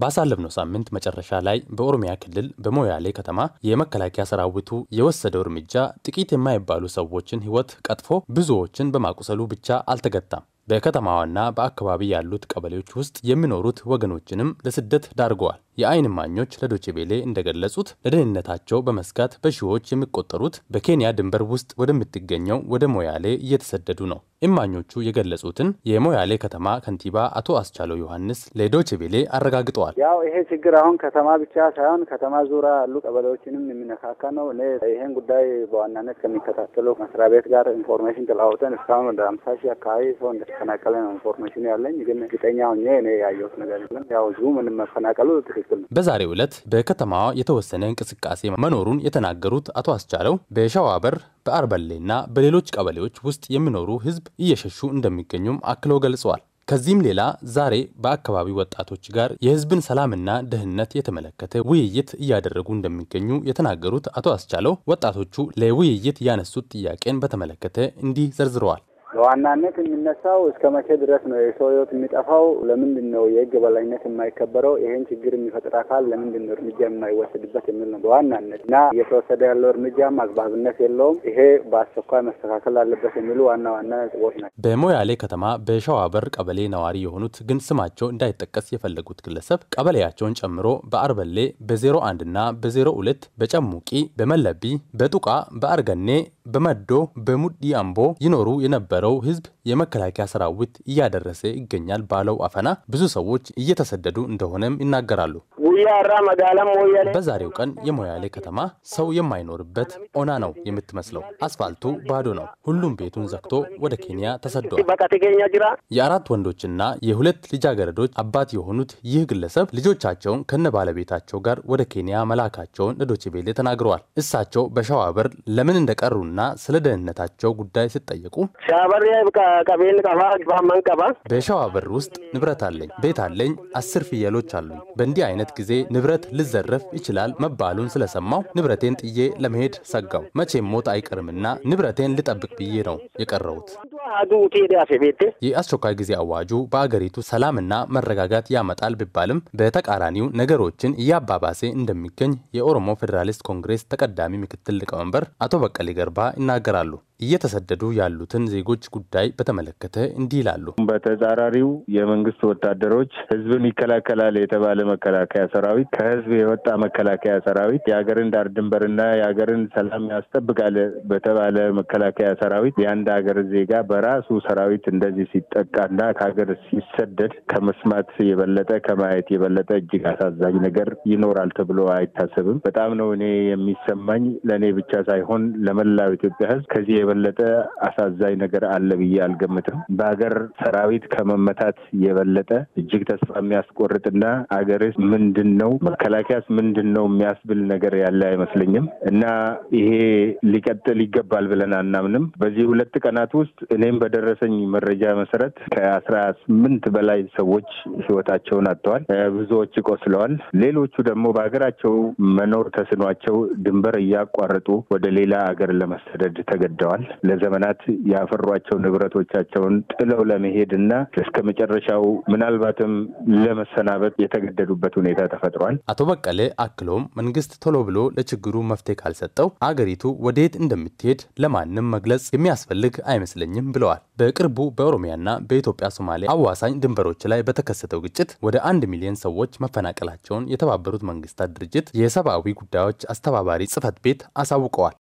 ባሳለፍነው ሳምንት መጨረሻ ላይ በኦሮሚያ ክልል በሞያሌ ከተማ የመከላከያ ሰራዊቱ የወሰደው እርምጃ ጥቂት የማይባሉ ሰዎችን ሕይወት ቀጥፎ ብዙዎችን በማቁሰሉ ብቻ አልተገታም። በከተማዋና በአካባቢ ያሉት ቀበሌዎች ውስጥ የሚኖሩት ወገኖችንም ለስደት ዳርገዋል። የአይን እማኞች ለዶቼቤሌ እንደገለጹት ለደህንነታቸው በመስጋት በሺዎች የሚቆጠሩት በኬንያ ድንበር ውስጥ ወደምትገኘው ወደ ሞያሌ እየተሰደዱ ነው። እማኞቹ የገለጹትን የሞያሌ ከተማ ከንቲባ አቶ አስቻለው ዮሐንስ ለዶችቤሌ አረጋግጠዋል። ያው ይሄ ችግር አሁን ከተማ ብቻ ሳይሆን ከተማ ዙሪያ ያሉ ቀበሌዎችንም የሚነካካ ነው። እኔ ይሄን ጉዳይ በዋናነት ከሚከታተለው መስሪያ ቤት ጋር ኢንፎርሜሽን ተለዋውጠን እስካሁን ወደ አምሳ ሺህ አካባቢ ሰው እንደተፈናቀለ ነው ኢንፎርሜሽን ያለኝ። ግን እርግጠኛ ሆኜ እኔ ያየሁት ነገር የለም። ያው ዙ ምንም መፈናቀሉ ትክክል በዛሬ ዕለት በከተማዋ የተወሰነ እንቅስቃሴ መኖሩን የተናገሩት አቶ አስቻለው በሸዋበር በአርበሌና በሌሎች ቀበሌዎች ውስጥ የሚኖሩ ህዝብ እየሸሹ እንደሚገኙም አክለው ገልጸዋል። ከዚህም ሌላ ዛሬ በአካባቢው ወጣቶች ጋር የህዝብን ሰላምና ደህንነት የተመለከተ ውይይት እያደረጉ እንደሚገኙ የተናገሩት አቶ አስቻለው ወጣቶቹ ለውይይት ያነሱት ጥያቄን በተመለከተ እንዲህ ዘርዝረዋል። በዋናነት የሚነሳው እስከ መቼ ድረስ ነው የሰው ህይወት የሚጠፋው? ለምንድን ነው የህግ በላይነት የማይከበረው? ይህን ችግር የሚፈጥር አካል ለምንድን ነው እርምጃ የማይወሰድበት የሚል ነው በዋናነት እና እየተወሰደ ያለው እርምጃ አግባብነት የለውም። ይሄ በአስቸኳይ መስተካከል አለበት የሚሉ ዋና ዋና ነጥቦች ናቸው። በሞያሌ ከተማ በሸዋበር ቀበሌ ነዋሪ የሆኑት ግን ስማቸው እንዳይጠቀስ የፈለጉት ግለሰብ ቀበሌያቸውን ጨምሮ በአርበሌ በዜሮ አንድ እና በዜሮ ሁለት በጨሙቂ በመለቢ በጡቃ በአርገኔ በመዶ በሙዲ አምቦ ይኖሩ የነበረው ለተሰደደው ህዝብ የመከላከያ ሰራዊት እያደረሰ ይገኛል ባለው አፈና ብዙ ሰዎች እየተሰደዱ እንደሆነም ይናገራሉ። በዛሬው ቀን የሞያሌ ከተማ ሰው የማይኖርበት ኦና ነው የምትመስለው። አስፋልቱ ባዶ ነው። ሁሉም ቤቱን ዘግቶ ወደ ኬንያ ተሰደዋል። የአራት ወንዶችና የሁለት ልጃገረዶች አባት የሆኑት ይህ ግለሰብ ልጆቻቸውን ከነ ባለቤታቸው ጋር ወደ ኬንያ መላካቸውን ለዶችቤሌ ተናግረዋል። እሳቸው በሸዋበር ለምን እንደቀሩና ስለ ደህንነታቸው ጉዳይ ሲጠየቁ በሸዋ ብር ውስጥ ንብረት አለኝ፣ ቤት አለኝ፣ አስር ፍየሎች አሉኝ። በእንዲህ አይነት ጊዜ ንብረት ልዘረፍ ይችላል መባሉን ስለሰማው ንብረቴን ጥዬ ለመሄድ ሰጋው። መቼም ሞት አይቀርምና ንብረቴን ልጠብቅ ብዬ ነው የቀረውት። የአስቸኳይ ጊዜ አዋጁ በአገሪቱ ሰላምና መረጋጋት ያመጣል ቢባልም በተቃራኒው ነገሮችን እያባባሴ እንደሚገኝ የኦሮሞ ፌዴራሊስት ኮንግሬስ ተቀዳሚ ምክትል ሊቀመንበር አቶ በቀሌ ገርባ ይናገራሉ። እየተሰደዱ ያሉትን ዜጎች ጉዳይ በተመለከተ እንዲህ ይላሉ። በተጻራሪው የመንግስት ወታደሮች ህዝብን ይከላከላል የተባለ መከላከያ ሰራዊት ከህዝብ የወጣ መከላከያ ሰራዊት የሀገርን ዳር ድንበርና የሀገርን ሰላም ያስጠብቃል በተባለ መከላከያ ሰራዊት የአንድ ሀገር ዜጋ በራሱ ሰራዊት እንደዚህ ሲጠቃና ከሀገር ሲሰደድ ከመስማት የበለጠ ከማየት የበለጠ እጅግ አሳዛኝ ነገር ይኖራል ተብሎ አይታሰብም። በጣም ነው እኔ የሚሰማኝ ለእኔ ብቻ ሳይሆን ለመላው ኢትዮጵያ ህዝብ ከዚህ የበለጠ አሳዛኝ ነገር አለ ብዬ አልገምትም። በሀገር ሰራዊት ከመመታት የበለጠ እጅግ ተስፋ የሚያስቆርጥና አገርስ ምንድን ነው መከላከያስ ምንድን ነው የሚያስብል ነገር ያለ አይመስለኝም እና ይሄ ሊቀጥል ይገባል ብለን አናምንም። በዚህ ሁለት ቀናት ውስጥ እኔም በደረሰኝ መረጃ መሰረት ከአስራ ስምንት በላይ ሰዎች ህይወታቸውን አጥተዋል። ብዙዎች ቆስለዋል። ሌሎቹ ደግሞ በሀገራቸው መኖር ተስኗቸው ድንበር እያቋረጡ ወደ ሌላ ሀገር ለመሰደድ ተገደዋል። ለዘመናት ያፈሯቸው ያላቸው ንብረቶቻቸውን ጥለው ለመሄድ እና እስከ መጨረሻው ምናልባትም ለመሰናበት የተገደዱበት ሁኔታ ተፈጥሯል። አቶ በቀለ አክሎም መንግስት ቶሎ ብሎ ለችግሩ መፍትሄ ካልሰጠው አገሪቱ ወዴት እንደምትሄድ ለማንም መግለጽ የሚያስፈልግ አይመስለኝም ብለዋል። በቅርቡ በኦሮሚያና በኢትዮጵያ ሶማሌ አዋሳኝ ድንበሮች ላይ በተከሰተው ግጭት ወደ አንድ ሚሊዮን ሰዎች መፈናቀላቸውን የተባበሩት መንግስታት ድርጅት የሰብአዊ ጉዳዮች አስተባባሪ ጽህፈት ቤት አሳውቀዋል።